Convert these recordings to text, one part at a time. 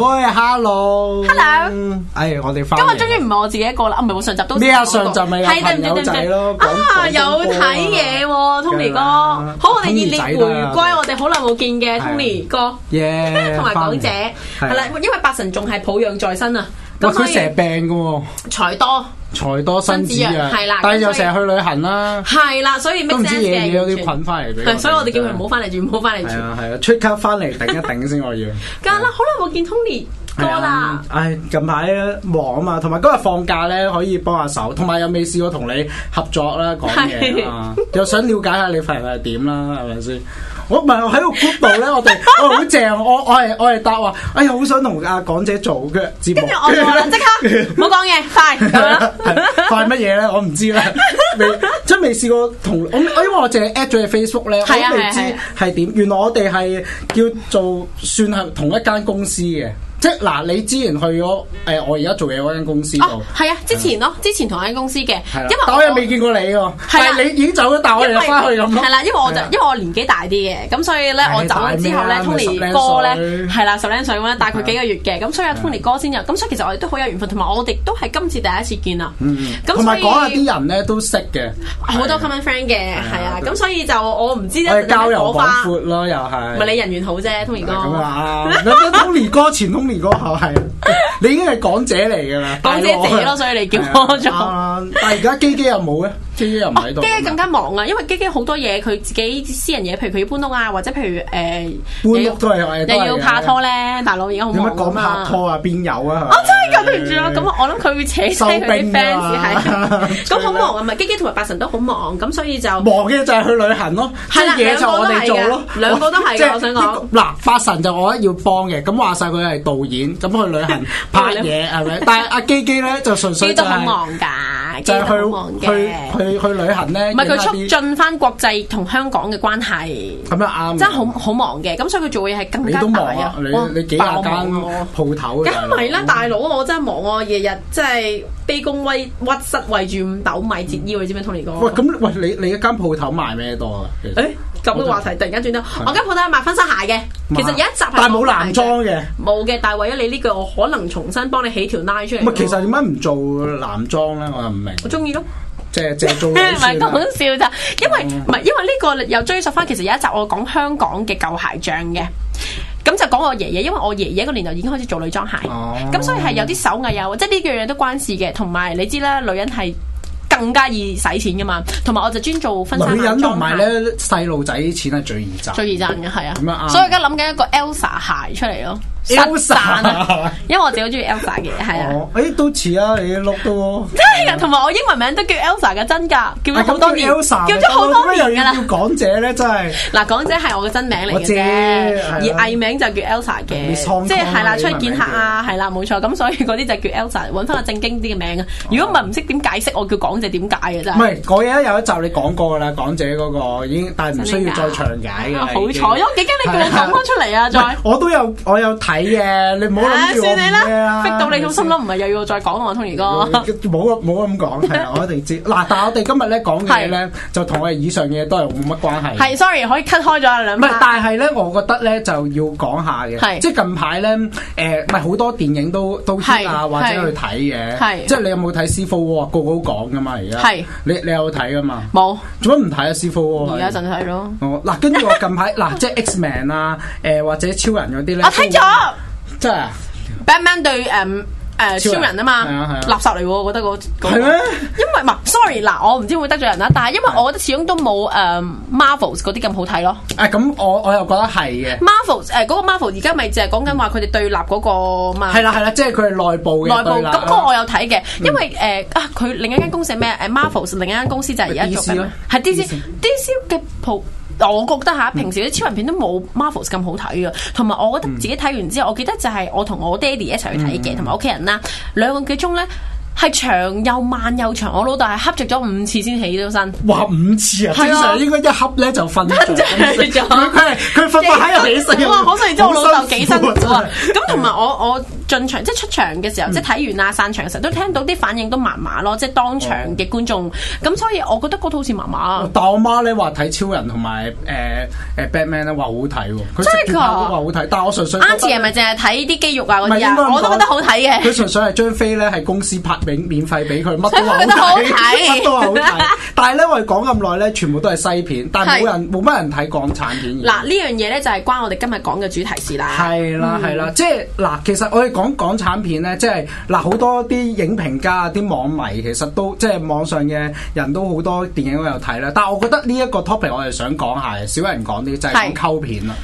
Hello，Hello，哎，我哋今日終於唔係我自己一個啦，唔係上集都咩啊？上集咪有朋友仔咯，啊，有睇嘢喎，Tony 哥，好，我哋熱烈回歸，我哋好耐冇見嘅 Tony 哥，同埋港姐。係啦，因為八神仲係保養在身啊。佢成日病嘅喎，財多，財多身子弱，係啦。但係又成日去旅行啦，係啦，所以都唔知嘢嘢有啲菌翻嚟畀佢，所以我哋叫佢唔好翻嚟住，唔好翻嚟住。係啊，係啊，出 cut 翻嚟頂一頂先，我要。梗係啦，好耐冇見 Tony 哥啦。唉，近排忙啊嘛，同埋今日放假咧，可以幫下手，同埋有未試過同你合作啦，講嘢啊，又想了解下你份人係點啦，係咪先？我唔係喺個 group 度咧，我哋我好正，我我係我係答話，哎呀，好想同阿港姐做嘅節目，跟住我即 刻唔好講嘢，快快乜嘢咧？我唔知咧，未真未試過同我，因為我淨係 at 咗你 Facebook 咧，我未知係點。原來我哋係叫做算係同一間公司嘅。即嗱，你之前去咗誒，我而家做嘢嗰間公司度，係啊，之前咯，之前同一間公司嘅，因為我又未見過你喎，係啦，你已經走咗，但係我又翻去咁咯，係啦，因為我就因為我年紀大啲嘅，咁所以咧我走咗之後咧，Tony 哥咧係啦十零歲咁樣，大概幾個月嘅，咁所以阿 Tony 哥先有，咁所以其實我哋都好有緣分，同埋我哋都係今次第一次見啊，咁同埋講下啲人咧都識嘅，好多 common friend 嘅，係啊，咁所以就我唔知，係交友廣闊咯，又係，唔係你人緣好啫，Tony 哥，哥前是 欸、你已經係港姐嚟㗎喇，港姐姐所以你叫觀眾、 啊。但係而家機機又冇咧。基基又唔喺度，基基更加忙啊！因為基基好多嘢，佢自己私人嘢，譬如佢要搬屋啊，或者譬如誒搬屋都係又，又要拍拖咧，大佬而家好忙啊嘛！拍拖啊，邊有啊？我真係跟唔住啊！咁我我諗佢會扯低佢啲 fans 係，咁好忙啊！咪基基同埋八神都好忙，咁所以就忙嘅就係去旅行咯，即係嘢就我哋做咯，兩個都係，我想講嗱，八神就我覺得要幫嘅，咁話晒佢又係導演，咁去旅行拍嘢係咪？但係阿基基咧就純粹基都好忙㗎，就係去去去。去去旅行咧，唔係佢促進翻國際同香港嘅關係，咁又啱，真係好好忙嘅，咁所以佢做嘢係更加大啊！你你幾間鋪頭？梗係唔係啦，大佬我真係忙啊，日日即係卑躬屈膝為住五斗米折腰，你知唔知同你講，喂咁喂，你你一間鋪頭賣咩多啊？誒咁嘅話題突然間轉到，我間鋪頭係賣婚紗鞋嘅，其實有一集，但係冇男裝嘅，冇嘅，但係為咗你呢句，我可能重新幫你起條拉出嚟。其實點解唔做男裝咧？我又唔明。我中意咯。即係借租。做，唔係咁好笑咋？因為唔係，因為呢個又追溯翻，其實有一集我講香港嘅舊鞋匠嘅，咁就講我爺爺，因為我爺爺嗰年代已經開始做女裝鞋，咁、嗯、所以係有啲手藝有，嗯、即係呢樣嘢都關事嘅。同埋你知啦，女人係更加易使錢噶嘛，同埋我就專做婚紗。女人同埋咧細路仔錢係最易賺，最易賺嘅係啊，所以而家諗緊一個 Elsa 鞋出嚟咯。Elsa 啊，因為我自己好中意 Elsa 嘅，係啊，誒都似啊，你碌到，真係啊，同埋我英文名都叫 Elsa 嘅，真㗎，叫咗好多年，叫咗好多年㗎啦。我做乜又要叫港姐咧？真係嗱，港姐係我嘅真名嚟嘅啫，而藝名就叫 Elsa 嘅，即係係啦，出去見客啊，係啦，冇錯，咁所以嗰啲就叫 Elsa，揾翻個正經啲嘅名啊。如果唔係唔識點解釋，我叫港姐點解嘅真係？唔係，嗰嘢有一集你講過㗎啦，港姐嗰個已經，但係唔需要再詳解嘅。好彩，因為幾驚你叫我講翻出嚟啊！再我都有，我有睇。你嘅你唔好諗住我咩啊！逼到你咁心諗，唔係又要再講我 Tony 哥？冇冇咁講，係我一定知。嗱，但係我哋今日咧講嘅嘢咧，就同我哋以上嘅嘢都係冇乜關係。係，sorry，可以 cut 開咗兩。唔係，但係咧，我覺得咧就要講下嘅，即係近排咧，誒，唔係好多電影都都出啊，或者去睇嘅，即係你有冇睇《師父》啊？個個都講噶嘛，而家係你你有睇噶嘛？冇，做乜唔睇啊？師父，而家一陣睇咯。嗱，跟住我近排嗱，即係 X Man 啊，誒，或者超人嗰啲咧，我睇咗。真係 b a t m a n 對誒誒、um, uh, 超人啊嘛，嗯嗯、垃圾嚟喎，我覺得嗰、那、嗰、個，嗎因為唔係、啊，sorry 嗱，我唔知會得罪人啦，但係因為我覺得始終都冇誒、um, Marvels 嗰啲咁好睇咯。誒咁、啊嗯、我我又覺得係嘅。Marvels 誒、呃、嗰、那個 m a r v e l 而家咪就係講緊話佢哋對立嗰個 m 啦，係啦，即係佢係內部嘅。嗯、內部咁嗰個我有睇嘅。嗯、因為誒、呃、啊佢另一間公司咩誒 Marvels 另一間公司就係而家做緊，DC 思 DC 嘅部。我覺得嚇，平時啲超人片都冇 Marvels 咁好睇嘅，同埋我覺得自己睇完之後，我記得就係我同我爹哋一齊去睇嘅，同埋屋企人啦，兩個幾鐘咧係長又慢又長，我老豆係恰着咗五次先起咗身。哇！五次啊，正常應該一恰咧就瞓著咗。佢瞓到喺度起身。哇！可惜然之後我老豆幾辛苦啊。咁同埋我我。進場即係出場嘅時候，嗯、即係睇完啊散場嘅時候都聽到啲反應都麻麻咯，即係當場嘅觀眾咁，所以我覺得嗰套好似麻麻。但我媽咧話睇超人同埋誒、呃、誒 Batman 咧話好睇喎，真係㗎，話好睇。但我純粹啱前係咪淨係睇啲肌肉啊嗰啲啊？我都覺得好睇嘅。佢純粹係張飛咧係公司拍免免費俾佢，乜都話好睇，乜都話好睇。 但係咧我哋講咁耐咧，全部都係西片，但係冇人冇乜是人睇港產片。嗱呢樣嘢咧就係關我哋今日講嘅主題事啦。係啦係啦，即係嗱，其實我哋。講港產片呢，即係嗱好多啲影評家、啲網迷，其實都即係網上嘅人都好多電影都有睇啦。但係我覺得呢一個 topic 我係想講下嘅，少人講啲就係、係、講溝片啦，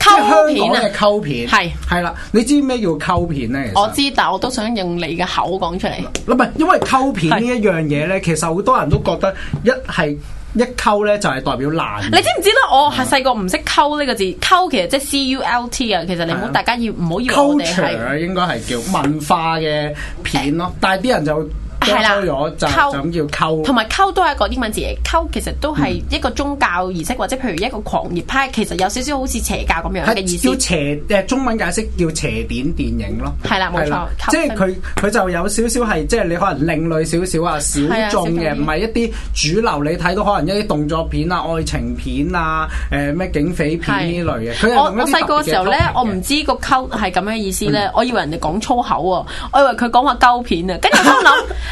溝片啊、即係香港嘅溝片係係啦。你知咩叫溝片呢？我知道，但我都想用你嘅口講出嚟。嗱，唔係因為溝片呢一樣嘢呢，係其實好多人都覺得一係。一溝呢就係代表爛。你知唔知咧？我係細個唔識溝呢個字，是的 溝其實即係 C U L T 啊。其實你冇，大家要唔好以為我哋應該係叫文化嘅片咯，但係啲人就。係啦，溝咁要溝，同埋溝都係一個英文字。溝其實都係一個宗教儀式，嗯、或者譬如一個狂熱派，其實有少少好似邪教咁樣嘅意思。叫邪，中文解釋叫邪典電影咯。係啦，冇錯。的勾即係佢佢就有少少係即係你可能另類少少啊，小眾嘅，唔係、嗯、一啲主流你。你睇到可能一啲動作片啊、愛情片啊、誒、呃、咩警匪片呢的類嘅。我我細個時候咧，我唔知個溝係咁嘅意思咧、嗯，我以為人哋講粗口啊，我以為佢講話溝片啊，跟住我心諗。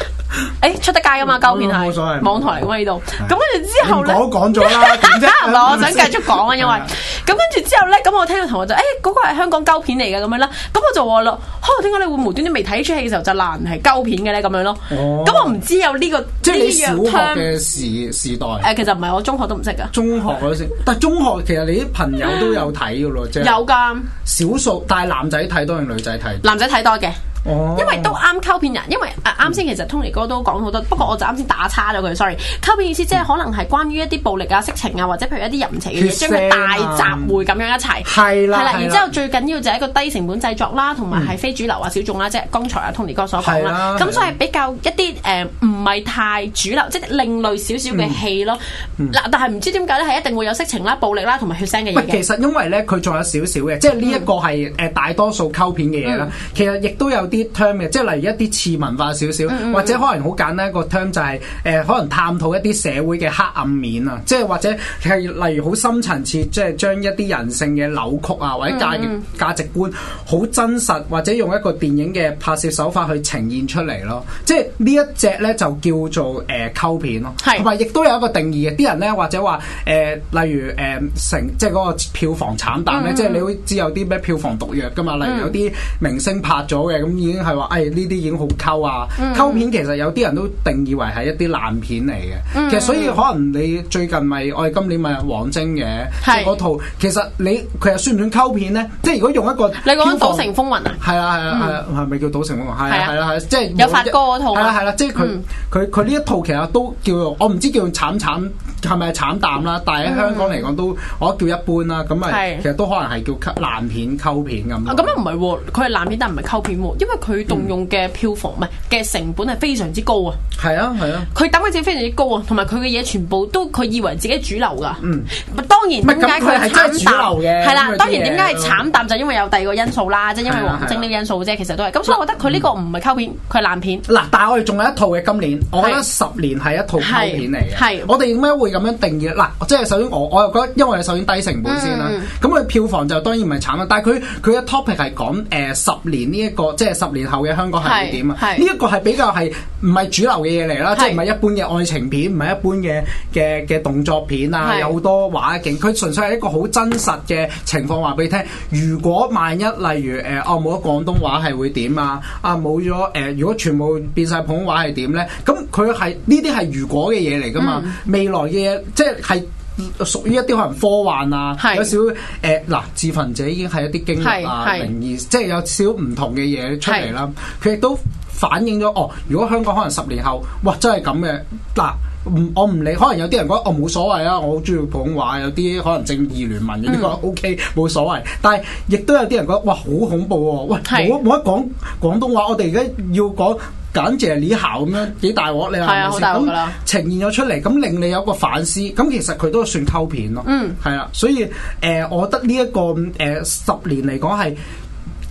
誒，出得街啊嘛，膠片係網台嚟噶嘛，呢度，咁跟住之後咧，我講咗啦，唔係，我想繼續講啊，因為咁跟住之後咧，咁我聽到同學就誒，嗰個係香港膠片嚟嘅咁樣啦，咁我就話咯，哈，點解你會無端端未睇出戲嘅時候就爛係膠片嘅咧咁樣咯？咁我唔知有呢個，即係你小學嘅時時代，誒，其實唔係，我中學都唔識噶，中學我都識，但係中學其實你啲朋友都有睇噶咯，即係有噶，少數，但係男仔睇多，定女仔睇？男仔睇多嘅。因為都啱溝片人，因為啱先其實 Tony 哥都講好多，不過我就啱先打叉咗佢，sorry。溝片意思即係可能係關於一啲暴力啊、色情啊，或者譬如一啲淫情嘅嘢，將佢大集會咁樣一齊，係啦，然之後最緊要就係一個低成本製作啦，同埋係非主流啊、小眾啦，即係剛才呀 Tony 哥所講啦，咁所以比較一啲誒唔係太主流，即係另類少少嘅戲咯。嗱，但係唔知點解咧，係一定會有色情啦、暴力啦，同埋血腥嘅嘢。其實因為咧，佢仲有少少嘅，即係呢一個係誒大多數溝片嘅嘢啦。其實亦都有。啲 term 嘅，即係例如一啲次文化少少，嗯嗯、或者可能好簡單一個 term 就係、是、誒、呃、可能探討一啲社會嘅黑暗面啊，即係或者係例如好深層次，即係將一啲人性嘅扭曲啊，或者價值價、嗯、值觀好真實，或者用一個電影嘅拍攝手法去呈現出嚟咯。即係呢一隻咧就叫做誒 cult、呃、片咯，同埋亦都有一個定義嘅。啲人咧或者話誒、呃、例如誒、呃、成即係嗰個票房慘淡咧，嗯嗯、即係你會知有啲咩票房毒藥噶嘛？例如有啲明星拍咗嘅咁。嗯嗯已經係話，誒呢啲已經好溝啊！溝片其實有啲人都定義為係一啲爛片嚟嘅。其實所以可能你最近咪我哋今年咪王晶嘅，嗰套其實你佢係算唔算溝片咧？即係如果用一個，你講《賭城風雲》啊？係啦係啦係啦，係咪叫《賭城風雲》？係啦係啦係，即係有發哥嗰套。係啦係啦，即係佢佢佢呢一套其實都叫我唔知叫慘慘係咪慘淡啦，但係喺香港嚟講都我叫一般啦。咁咪其實都可能係叫爛片溝片咁咯。咁啊唔係喎，佢係爛片但唔係溝片喎，因為佢動用嘅票房唔係嘅成本係非常之高啊，係啊係啊，佢打嘅字非常之高啊，同埋佢嘅嘢，全部都佢以為自己主流噶，嗯，當然點解佢慘淡係啦，當然點解係慘淡就因為有第二個因素啦，即係因為王晶呢個因素啫，其實都係，咁所以我覺得佢呢個唔係 cult 片，佢係爛片。嗱，但係我哋仲有一套嘅今年，我覺得十年係一套 cult 片嚟嘅，係我哋點解會咁樣定義嗱，即係首先我我又覺得，因為首先低成本先啦，咁佢票房就當然唔係慘啦，但係佢佢嘅 topic 係講誒十年呢一個即係。十年後嘅香港係會點啊？呢一個係比較係唔係主流嘅嘢嚟啦，是即係唔係一般嘅愛情片，唔係一般嘅嘅嘅動作片啊，是有好多畫景。佢純粹係一個好真實嘅情況話俾你聽。如果萬一例如誒、呃，哦冇咗廣東話係會點啊？啊冇咗誒，如果全部變晒普通話係點咧？咁佢係呢啲係如果嘅嘢嚟㗎嘛？嗯、未來嘅嘢即係。屬於一啲可能科幻啊，是有少誒嗱、呃，自焚者已經係一啲經歷啊，靈異即係有少唔同嘅嘢出嚟啦。佢亦是都反映咗哦，如果香港可能十年後，哇，真係咁嘅嗱，唔我唔理，可能有啲人覺得哦，冇所謂啊，我好中意普通話，有啲可能正義聯盟嘅呢個 O K 冇所謂，但係亦都有啲人覺得哇，好恐怖喎、啊，喂，冇冇得講廣東話，我哋而家要講。簡直係李孝咁樣幾大鑊，你話係啊？好大鑊啦！呈現咗出嚟，咁令你有個反思。咁其實佢都算溝片咯。嗯，係啦。所以誒、呃，我覺得呢、這、一個誒、呃、十年嚟講係。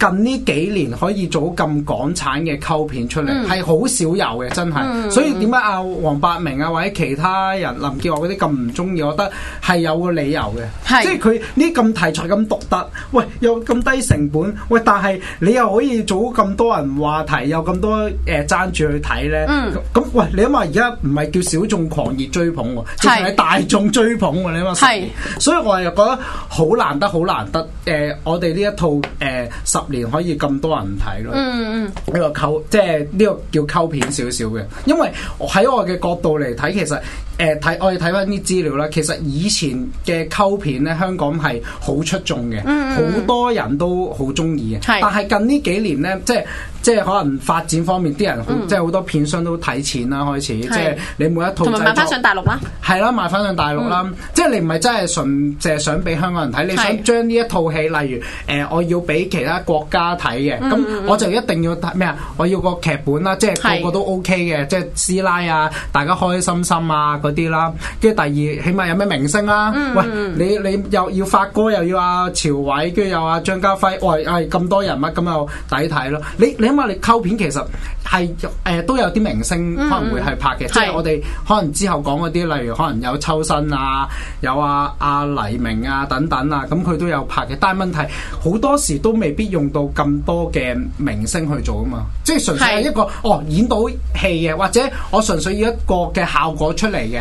近呢幾年可以做咁港產嘅 cult 片出嚟，係好少有嘅，真係。所以點解阿黃百鳴啊或者其他人林建華嗰啲咁唔中意，我覺得係有個理由嘅。即係佢呢咁題材咁獨特，喂又咁低成本，喂但係你又可以做咁多人話題，又咁多誒爭住去睇呢。咁喂，你諗下而家唔係叫小眾狂熱追捧喎，直情係大眾追捧喎，你諗下。係，所以我又覺得好難得好難得。誒，我哋呢一套誒十年可以咁多人睇咯，呢、嗯、個溝即係呢個叫溝片少少嘅，因為我喺我嘅角度嚟睇，其實。誒睇我哋睇翻啲資料啦，其實以前嘅溝片咧，香港係好出眾嘅，好多人都好中意嘅。但係近呢幾年咧，即係即係可能發展方面啲人，即係好多片商都睇錢啦，開始即係你每一套賣翻上大陸啦，係啦，賣翻上大陸啦，即係你唔係真係純淨想俾香港人睇，你想將呢一套戲，例如誒，我要俾其他國家睇嘅，咁我就一定要咩啊？我要個劇本啦，即係個個都 OK 嘅，即係師奶啊，大家開開心心啊。啲啦，跟住第二，起碼有咩明星啦、啊？喂，你你又要發哥又要阿朝偉，跟住又阿、啊、張家輝，喂、哎，係、哎、咁多人物咁又抵睇咯！你你起碼你溝片其實係誒、呃、都有啲明星可能會係拍嘅，嗯、即係我哋可能之後講嗰啲，例如可能有秋生啊，有啊阿黎明啊等等啊，咁佢都有拍嘅。但係問題好多時都未必用到咁多嘅明星去做啊嘛，即係純粹係一個是哦演到戲嘅，或者我純粹要一個嘅效果出嚟嘅。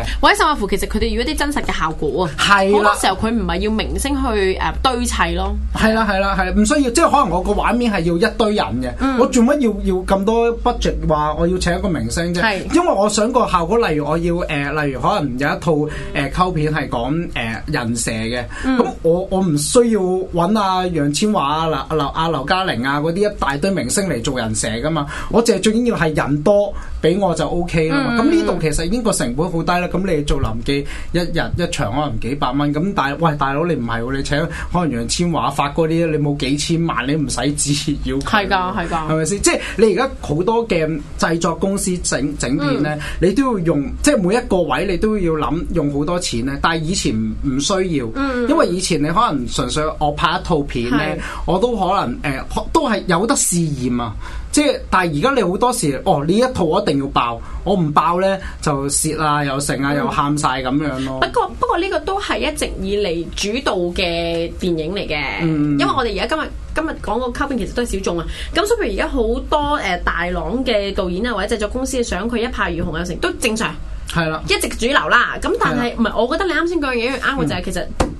甚至乎，其實佢哋要一啲真實嘅效果啊，好的多時候佢唔係要明星去誒堆砌咯，係啦係啦係啦，唔需要，即係可能我個畫面係要一堆人嘅，嗯、我做乜要要咁多 budget 話我要請一個明星啫？的因為我想個效果，例如我要誒、呃，例如可能有一套誒、呃、cult 片係講誒、呃、人蛇嘅，咁、嗯、我我唔需要揾阿、啊、楊千嬅啊，啊、劉啊劉嘉玲啊嗰啲一大堆明星嚟做人蛇噶嘛，我淨係最緊要係人多俾我就 O K 啦。咁呢度其實已經個成本好低啦。咁你做臨記一日一場可能幾百蚊，咁但係，喂大佬你唔係喎，你請可能楊千嬅發嗰啲你冇幾千萬，你唔使旨意。係㗎，係㗎，係咪先？即係你而家好多嘅製作公司整整片咧，你都要用，嗯、即係每一個位你都要諗用好多錢咧。但係以前唔需要，嗯、因為以前你可能純粹我拍一套片咧，的我都可能誒、呃，都係有得試驗啊。即係，但係而家你好多時，哦呢一套我一定要爆，我唔爆呢就蝕啊，又剩啊，又喊晒咁樣咯。不過不過呢個都係一直以嚟主導嘅電影嚟嘅，嗯、因為我哋而家今日今日講個 cult 片其實都係小眾啊。咁所以而家好多誒、呃、大朗嘅導演啊，或者製作公司想佢一炮而紅又剩，都正常。係啦的，一直主流啦。咁但係唔係？我覺得你啱先講嘅嘢啱我就係其實。嗯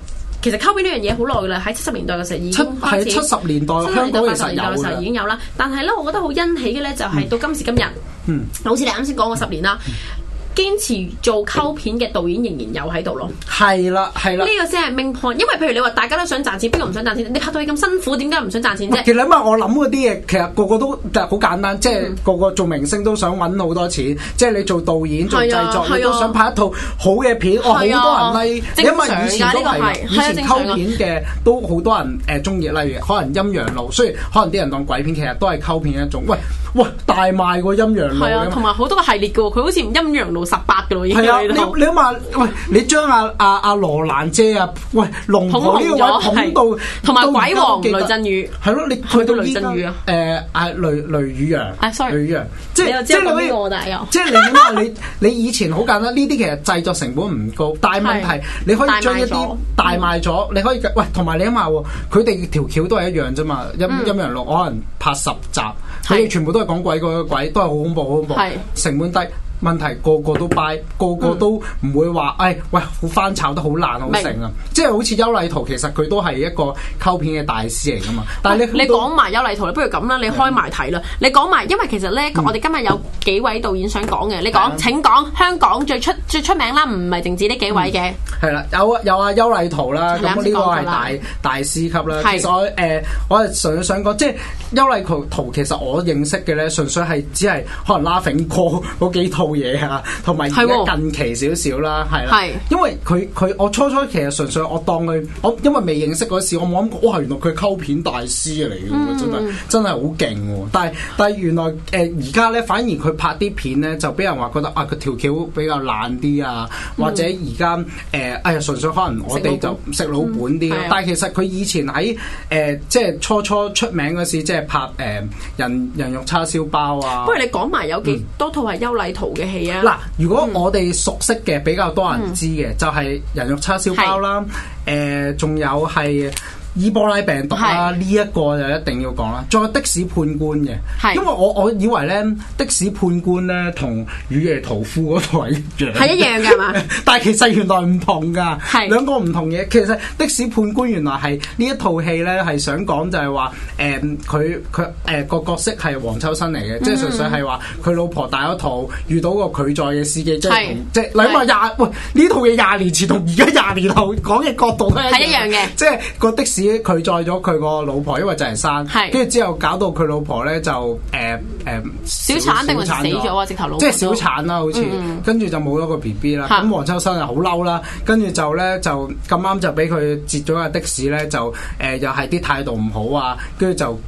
其實溝邊呢樣嘢好耐噶啦，喺七十年代嘅時候已經，七十年代嘅時候已經有啦，有但係咧，我覺得好欣喜嘅咧就係到今時今日，嗯、好似你啱先講過十年啦。嗯嗯堅持做溝片嘅導演仍然有喺度咯，係啦係啦，呢個先係命牌， 因為譬如你話大家都想賺錢，邊個唔想賺錢？你拍到咁辛苦，點解唔想賺錢啫？其實因為我諗嗰啲嘢，其實個個都好簡單，即係個個做明星都想揾好多錢，即係你做導演做製作，啊啊、都想拍一套好嘅片，哇、啊！好多人 like，因為以前都係以前溝片嘅都好多人誒鍾意，例如可能陰陽路，雖然可能啲人當鬼片，其實都係溝片一種。喂！喂，大賣個陰陽路，係啊，同埋好多個系列噶，佢好似陰陽路十八噶咯，已係啊，你你諗下，喂，你將阿阿阿羅蘭姐啊，喂，龍婆呢個位捧到，同埋鬼王雷震宇，係咯，你去到雷震宇啊，誒，阿雷雷宇揚，啊，sorry，宇揚，即係即係你諗下，你你以前好簡單，呢啲其實製作成本唔高，但係問題你可以將一啲大賣咗，你可以喂，同埋你諗下，佢哋條橋都係一樣啫嘛，陰陰陽路可能拍十集，佢哋全部都。講鬼個鬼都係好恐怖，好恐怖，係成本低。問題個個都敗，個個都唔會話，誒、哎、喂，好翻炒得好爛好成啊！即係好似邱禮濤，其實佢都係一個溝片嘅大師嚟噶嘛。但係你你講埋邱禮濤，你不如咁啦，你開埋睇啦。嗯、你講埋，因為其實咧，我哋今日有幾位導演想講嘅，你講、嗯、請講。香港最出最出名啦，唔係淨止呢幾位嘅。係啦、嗯，有有阿邱禮濤啦，咁呢的個係大的大師級啦。所以誒，我就純粹想講，即係邱禮濤濤其實我認識嘅咧，純粹係只係可能 laughing 過嗰幾套。嘢啊，同埋而家近期少少啦，係的，因為佢佢我初初其實純粹我當佢，我因為未認識嗰時，我冇諗過，哦，原來佢溝片大師嚟嘅、嗯，真係真係好勁喎！但係但係原來誒而家咧，呃、反而佢拍啲片咧，就俾人話覺得啊，佢條橋比較爛啲啊，或者而家誒誒純粹可能我哋就食老本啲、嗯、但係其實佢以前喺誒、呃、即係初初出名嗰時，即係拍誒、呃、人人肉叉燒包啊。不如你講埋有幾多套係邱禮濤？嗯嗱、啊，如果我哋熟悉嘅比較多人知嘅，嗯、就係人肉叉燒包啦，誒、是，仲、呃、有係。伊波拉病毒啦，呢一個就一定要講啦。再有的士判官嘅，因為我我以為咧的士判官咧同《雨夜屠夫》嗰套一樣，係一樣嘅嘛。但係其實原來唔同㗎，兩個唔同嘢。其實的士判官原來係呢一套戲咧係想講，就係話，誒佢佢誒個角色係黃秋生嚟嘅，即係純粹係話，佢老婆大咗肚，遇到個拒載嘅司機，即係即係諗下廿喂，呢套嘢廿年前同而家廿年後講嘅角度咧係一樣嘅，即係個的士。佢拒載咗佢個老婆，因為就快生，跟住之後搞到佢老婆咧就誒誒、呃呃、小，小產定係死咗啊！直頭老即係小產啦，好似、嗯、跟住就冇咗個 B B 啦。咁黃秋生就好嬲啦，跟住就咧就咁啱就俾佢截咗個的士咧，就誒又係啲態度唔好啊，跟住就。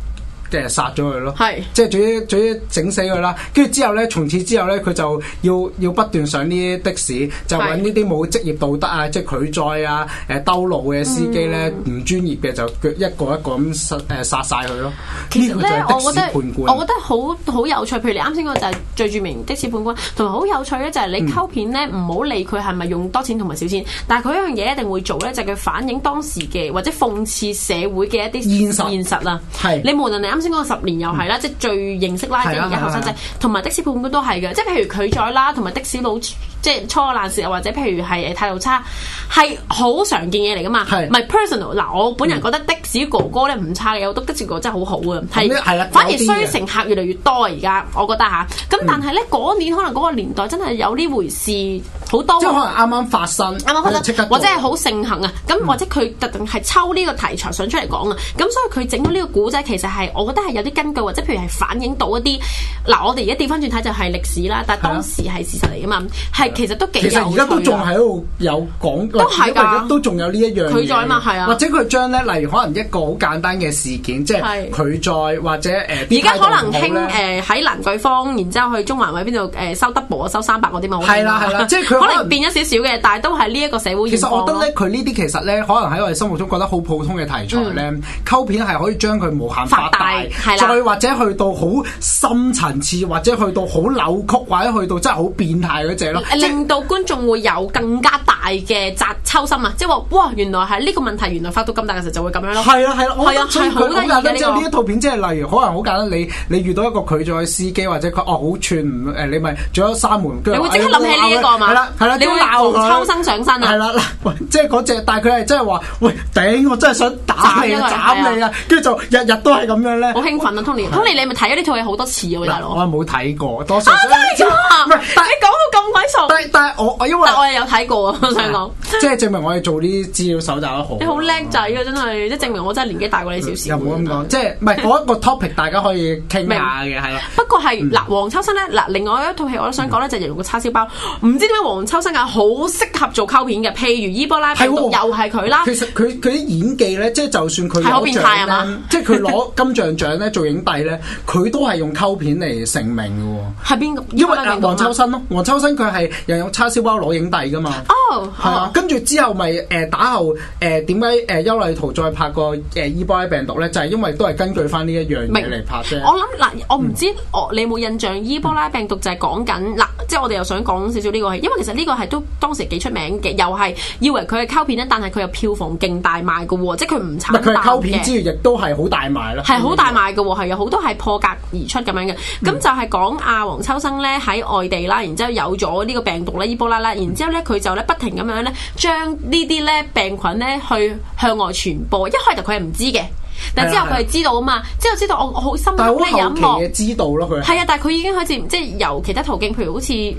即係殺咗佢咯，即係最最整死佢啦。跟住之後咧，從此之後咧，佢就要要不斷上呢啲的士，就搵呢啲冇職業道德啊，即係拒載啊、呃、誒兜路嘅司機咧，唔專業嘅就一個一個咁、呃、殺誒殺曬佢咯。其實咧，我覺得判官，我覺得好好有趣。譬如你啱先講就係最著名的，的士判官，同埋好有趣咧，就係你 cult 片咧，唔好理佢係咪用多錢同埋少錢，但係佢一樣嘢一定會做咧，就係佢反映當時嘅或者諷刺社會嘅一啲現實現實啊。係你無論你啱。先講十年又係啦，嗯、即係最認識啦的即啲後生仔，同埋的，的，的士判官都係嘅，即係譬如拒載啦，同埋的士佬。即係錯個難事又或者譬如係態度差，係好常見嘢嚟噶嘛。唔係 personal。嗱，我本人覺得的士哥哥咧唔差嘅，我都的士哥哥真係好好嘅。係反而衰乘客越嚟越多而家，我覺得吓，咁但係咧嗰年可能嗰個年代真係有呢回事好多。即可能啱啱發生，啱啱發生，或者係好盛行啊。咁或者佢特登係抽呢個題材想出嚟講啊。咁所以佢整到呢個故仔其實係，我覺得係有啲根據，或者譬如係反映到一啲嗱，我哋而家調返轉睇就係歷史啦。但係當時係事實嚟噶嘛，係。其實都幾，其實而家都仲喺度有講，都係㗎，都仲有呢一樣，佢在嘛係啊，或者佢將咧，例如可能一個好簡單嘅事件，即係佢再，或者誒，而家可能興誒喺蘭桂坊，然之後去中環位邊度誒收 double 啊，收三百嗰啲嘛，係啦係啦，即係佢可能變咗少少嘅，但係都係呢一個社會。其實我覺得咧，佢呢啲其實咧，可能喺我哋心目中覺得好普通嘅題材咧，溝片係可以將佢無限發大，再或者去到好深層次，或者去到好扭曲，或者去到真係好變態嗰隻咯。令到觀眾會有更加大嘅扎抽心啊！即係話，哇，原來係呢個問題，原來發到咁大嘅時候就會咁樣咯。係啊，係啊，係啊，係好得意嘅呢一套片，即係例如，可能好簡單，你你遇到一個拒載司機，或者佢哦好串唔你咪撞咗三門。你會即刻諗起呢一個嘛？係啦，係啦，你會抽身上身啊？係啦，嗱，即係嗰隻，但係佢係真係話，喂頂，我真係想打你、斬你啊！跟住就日日都係咁樣咧。好興奮啊 Tony 你咪睇咗呢套嘢好多次喎，大佬。我冇睇過，多數。啊真係係你講到咁鬼熟。但係我我因為，我係有睇過啊！我想講，即係證明我哋做啲資料搜集得好。你好叻仔啊！真係，即係證明我真係年紀大過你少少。又冇咁講，即係唔係嗰一個 topic 大家可以傾下嘅，係啦。不過係嗱，黃秋生咧嗱，另外一套戲我都想講咧，就係人肉叉燒包。唔知點解黃秋生啊，好適合做 cult 片嘅。譬如《伊波拉病毒》，又係佢啦。其實佢佢啲演技咧，即係就算佢係好變態啊嘛，即係佢攞金像獎咧做影帝咧，佢都係用 cult 片嚟成名㗎喎。係邊個？因為黃秋生咯，黃秋生佢係。又有叉燒包攞影帝㗎嘛？Oh, 吧哦，係啊，跟住之後咪誒，打後誒，點解誒，邱禮濤再拍個誒伊波拉病毒咧？就係，是，因為都係根據翻呢一樣嘢嚟拍嘅。我諗嗱，我唔知我，嗯、你冇有有印象，伊波拉病毒就係講緊嗱，即係我哋又想講少少呢個，因為其實呢個係都當時幾出名嘅，又係以為佢係 cult 片咧，但係佢又票房勁大賣嘅喎，即係佢唔慘佢係 cult 片之餘，亦都係好大賣啦。係好大賣嘅喎，係，嗯、的有好多係破格而出咁樣嘅。咁，嗯嗯、就係講阿黃秋生咧喺外地啦，然之後有咗呢個病毒咧、伊波拉啦，然之後咧，佢就咧不停咁樣咧，將呢啲咧病菌咧去向外傳播。一開頭佢係唔知嘅。但之後佢係知道啊嘛，的之後知道我好深但係好後期嘅知道咯，佢係啊，但係佢已經開始即係由其他途徑，譬如好似誒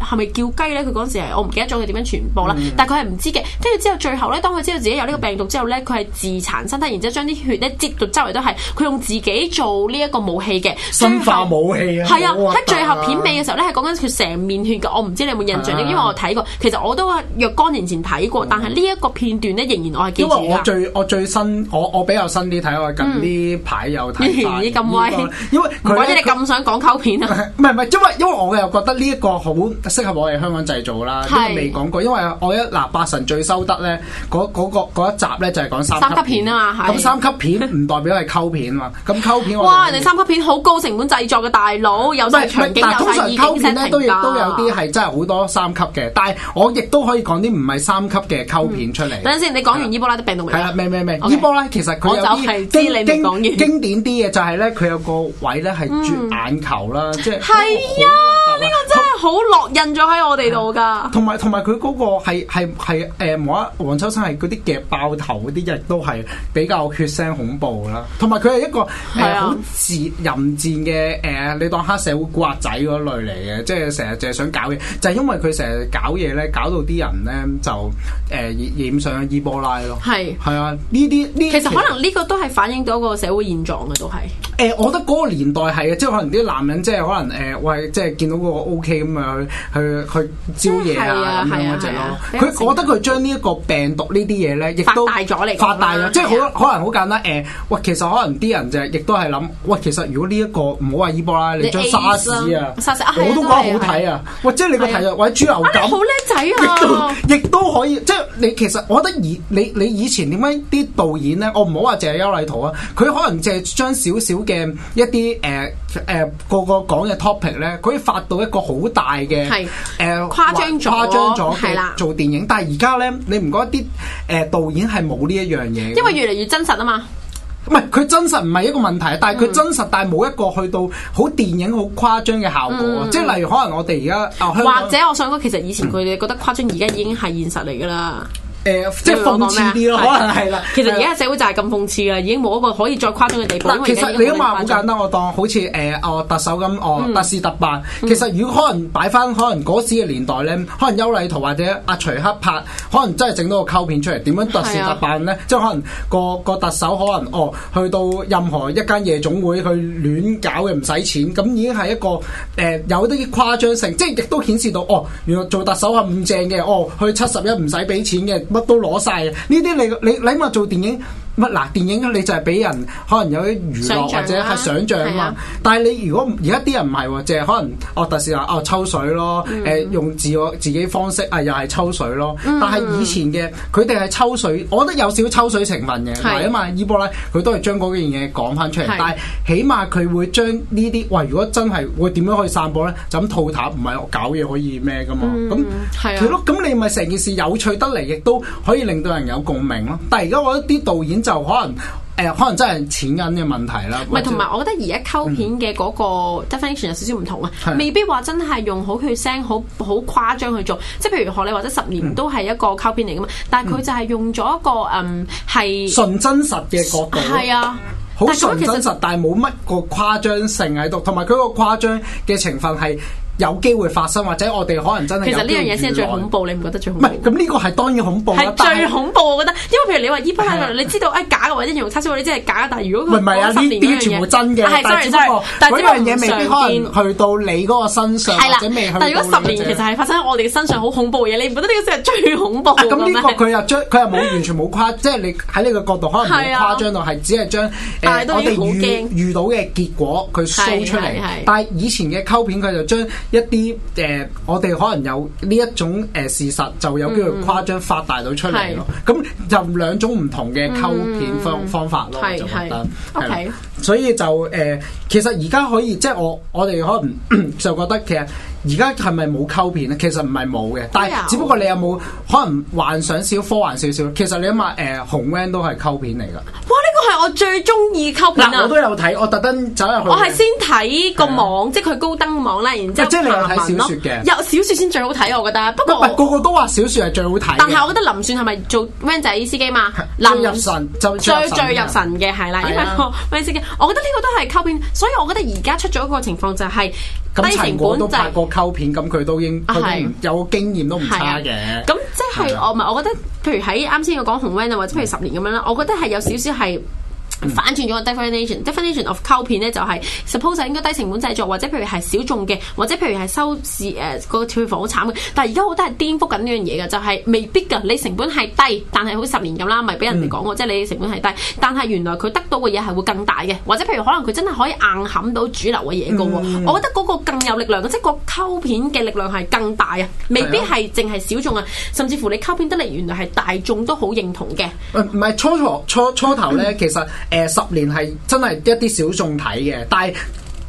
係咪叫雞咧？佢嗰時係我唔記得咗佢點樣傳播啦。嗯、但係佢係唔知嘅，跟住之後最後咧，當佢知道自己有呢個病毒之後咧，佢係自殘身體，然之後將啲血咧擠到周圍都係，佢用自己做呢一個武器嘅生化武器啊！係、就是、的啊，喺最後片尾嘅時候咧，係講緊佢成面血嘅。我唔知你有冇印象，啊、因為我睇過，其實我都若干年前睇過，嗯、但係呢一個片段咧，仍然我係記住。因為我最我最新，我我比較新。啲睇我近呢排有睇，咦咁威？因為唔怪得你咁想講溝片啦。唔係唔係，因為因為我又覺得呢一個好適合我哋香港製造啦，因為未講過。因為我一嗱八神最收得咧，嗰個嗰一集咧就係講三級片啊嘛。咁三級片咧唔代表係溝片嘛。咁溝片，哇！人哋三級片好高成本製作嘅大佬，有場景有藝術嘅。但通常溝片咧都都有啲係真係好多三級嘅，但係我亦都可以講啲唔係三級嘅溝片出嚟。等陣先，你講完伊波拉的病毒未？係咩咩咩？伊波拉其實佢有。係經經經典啲嘢就係咧，佢有個位咧係奪眼球啦，嗯、即係。好烙印咗喺我哋度㗎，同埋同埋佢嗰個係係係冇得黃秋生係嗰啲夾爆頭嗰啲亦都係比較血腥恐怖啦。同埋佢係一個係好是的、呃、賤淫賤嘅誒，你當黑社會古惑仔嗰類嚟嘅，即係成日淨係想搞嘢，就係、是、因為佢成日搞嘢咧，搞到啲人咧就誒、呃、染上伊波拉咯。係係啊，呢啲呢其實可能呢個都係反映到一個社會現狀嘅，都係。誒、嗯，我覺得嗰個年代係、欸 OK，啊，即係可能啲男人即係可能誒，喂，即係見到個 O K 咁啊，去去招嘢啊咁樣只咯。佢我覺得佢將呢一個病毒呢啲嘢咧，亦都發大咗嚟，發大咗，即係好可能好簡單。誒，喂，其實可能啲人就係亦都係諗，喂、欸欸，其實如果呢、這、一個唔好話伊波拉，你將、啊、沙士啊，我都覺得好睇啊。或者、啊呃、你個題目，喂，豬流感，啊、好叻仔啊，亦都可以。即係你其實我覺得而你你以前點解啲導演咧，我唔好話淨係邱禮濤啊，佢可能淨係將少少。嘅一啲誒誒個個講嘅 topic 咧，可以發到一個好大嘅誒誇張咗，誇張咗嘅、呃、做電影。是的 但係而家咧，你唔覺得啲誒導演係冇呢一樣嘢？因為越嚟越真實啊嘛。唔係佢真實唔係一個問題，但係佢真實，但係冇一個去到好電影好誇張嘅效果啊。嗯、即係例如可能我哋而家或者我想講，其實以前佢哋覺得誇張，而家已經係現實嚟㗎啦。誒、呃，即係諷刺啲咯，可能係啦。其實而家社會就係咁諷刺嘅，已經冇一個可以再誇張嘅地步。其實 你咁話好簡單， 我當好似誒，我、呃哦、特首咁，我、哦、特事特辦。嗯、其實如果可能擺翻可能嗰時嘅年代咧，可能邱禮濤或者阿徐克拍，可能真係整到個 cult 片出嚟。點樣特事特辦咧？是啊、即係可能個個特首可能哦，去到任何一間夜總會去亂搞嘅，唔使錢咁已經係一個誒、呃、有啲誇張性，即係亦都顯示到哦，原來做特首係咁正嘅哦，去七十一唔使俾錢嘅。乜都攞晒啊，呢啲你你你起碼做電影。乜嗱？電影你就係俾人可能有啲娛樂或者係想像是啊嘛。但係你如果而家啲人唔係喎，淨係可能惡、哦、特時話哦抽水咯。誒、嗯、用自我自己方式啊，又係抽水咯。嗯、但係以前嘅佢哋係抽水，我覺得有少抽水成分嘅，係是啊嘛。伊波咧佢都係將嗰幾樣嘢講翻出嚟，是啊、但係起碼佢會將呢啲喂，如果真係會點樣，樣可以散播咧，就咁吐痰，唔係搞嘢可以咩㗎嘛。咁係、嗯嗯、咯。咁你咪成件事有趣得嚟，亦都可以令到人有共鳴咯。但係而家我覺得啲導演，就可能誒、呃，可能真係錢銀嘅問題啦。唔係者，同埋我覺得而家 cult 片嘅嗰個 definition、嗯、有少少唔同啊，的未必話真係用好血腥好好誇張去做。即係譬如學你或者十年都係一個 cult 片嚟噶嘛，嗯、但係佢就係用咗一個嗯係純真實嘅角度，係啊的，好純真實，但係冇乜個誇張性喺度，同埋佢個誇張嘅成分係。有機會發生，或者我哋可能真係其實呢樣嘢先係最恐怖，你唔覺得最恐怖？唔係，咁呢個係當然恐怖，係最恐怖，我覺得。因為譬如你話依番香藥，你知道假嘅，或者用叉燒嗰啲即係假嘅。但係如果唔係啊，啲全部真嘅。係真係真係。嗰樣嘢未必可能去到你嗰個身上，或者未去。但如果十年其實係發生喺我哋身上好恐怖嘅嘢，你唔覺得呢個先係最恐怖？咁呢個佢又將佢又冇完全冇誇，即係你喺呢個角度可能誇張到係只係將誒我哋遇遇到嘅結果佢 show 出嚟。但係以前嘅溝片佢就將一啲誒、呃，我哋可能有呢一種誒、呃、事實，就有機會誇張發大到出嚟咯。咁、嗯、就兩種唔同嘅溝片方、嗯、方法咯，是是就覺得 okay. 所以就誒、呃，其實而家可以，即係我我哋可能咳咳就覺得其實而家係咪冇溝片咧？其實唔係冇嘅，有但係只不過你有冇可能幻想少科幻少少？其實你諗下誒，紅、呃、van 都係溝片嚟㗎。我最中意 cult 片，我都有睇，我特登走入去。我係先睇個網，的即係佢高登網啦，然之後爬文咯。即係你有睇小說嘅？有小説先最好睇，我覺得。不過唔係個個都話小説係最好睇。但係我覺得林雪係咪做 van 仔司機嘛？林最入神就最，入神最最入神嘅係啦，因為嘅。我，的我覺得呢個都係 cult 片。所以我覺得而家出咗一個情況就係、是。咁陳果都拍過溝片，咁佢都應有經驗都唔差嘅。咁、啊啊、即係、啊、我唔係，我覺得，譬如喺啱先我講紅 van 啊，或者譬如十年咁樣啦，我覺得係有少少係。反轉咗個 definition，definition、mm. Definition of cult 片呢就係 suppose 應該低成本製作，或者譬如係小眾嘅，或者譬如係收視誒、呃那個票房好慘嘅。但係而家好多得係顛覆緊呢樣嘢嘅，就係、是、未必㗎。你成本係低，但係好似十年咁啦，咪俾人哋講喎，mm. 即係你成本係低，但係原來佢得到嘅嘢係會更大嘅，或者譬如可能佢真係可以硬冚到主流嘅嘢嘅喎。我覺得嗰個更有力量嘅，即係個 cult 片嘅力量係更大啊，未必係淨係小眾啊，mm. 甚至乎你 cult 片得嚟原來係大眾都好認同嘅。唔係、mm. 初初初初，初，初頭咧，其實。Mm. 誒、呃，十年係真係一啲小眾睇嘅，但係。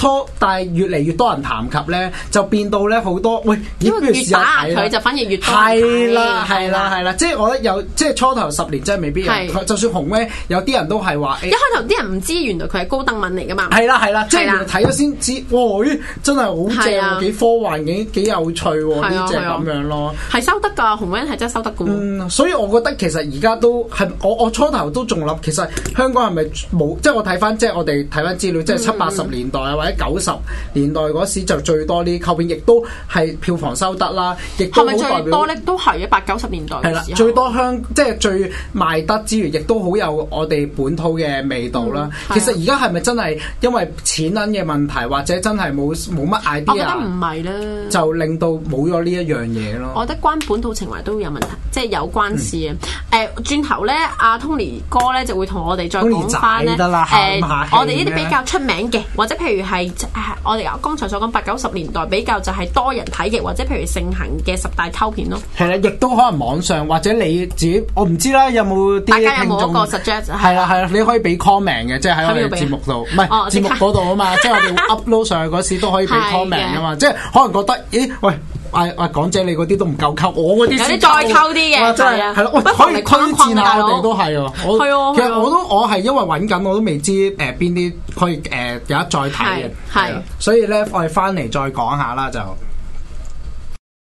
初，但係越嚟越多人談及咧，就變到咧好多喂，因為越打佢、哎、就，就反而越多。係啦，係啦，係啦，即係、就是、我覺得有，即係初頭十年真係未必有。對，就算紅咧，有啲人都係話。一開頭啲人唔知原來佢係高登文嚟㗎嘛。係啦係啦，即係原來睇咗先知，哇、哦！真係好正喎，幾科幻，幾幾有趣喎、啊，啲嘢咁樣咯。係收得㗎，紅文係真係收得㗎。嗯，所以我覺得其實而家都係我我，我初頭都仲諗，其實香港係咪冇？即係我睇翻，即係我哋睇翻資料，嗯、即係七八十年代或者。九十年代嗰時就最多啲，後邊亦都係票房收得啦，亦都好代表咧，都係啊，八九十年代。係啦，最多香，即係最賣得之餘，亦都好有我哋本土嘅味道啦。嗯、其實而家係咪真係因為錢銀嘅問題，或者真係冇冇乜 idea？我覺得唔係啦，就令到冇咗呢一樣嘢咯。我覺得關本土情懷都有問題，即係有關事、嗯 uh, 啊。誒，轉頭咧，阿 Tony 哥咧就會同我哋再講翻咧，誒 Tony、uh，我哋呢啲比較出名嘅，或者譬如係。即係我哋由剛才所講，八九十年代比較就係多人睇嘅，或者譬如盛行嘅十大溝片咯，係啦，亦都可能網上或者你自己我唔知啦，有冇啲聽眾？大家有冇個 suggest？係啦係啦，你可以俾 comment 嘅，即係喺我哋節目度，唔係節目嗰度啊嘛，刻即係我哋 upload 上去嗰時都可以俾 comment 噶嘛， 的即係可能覺得，咦喂。誒誒，港、哎、姐你嗰啲都唔夠溝，我嗰啲你再溝啲嘅，係咯、哎，可以推薦下我哋都係啊。係喎，啊、其實我都我係因為揾緊，我都未知誒邊啲可以誒有得再睇嘅，係，所以咧我哋翻嚟再講下啦就。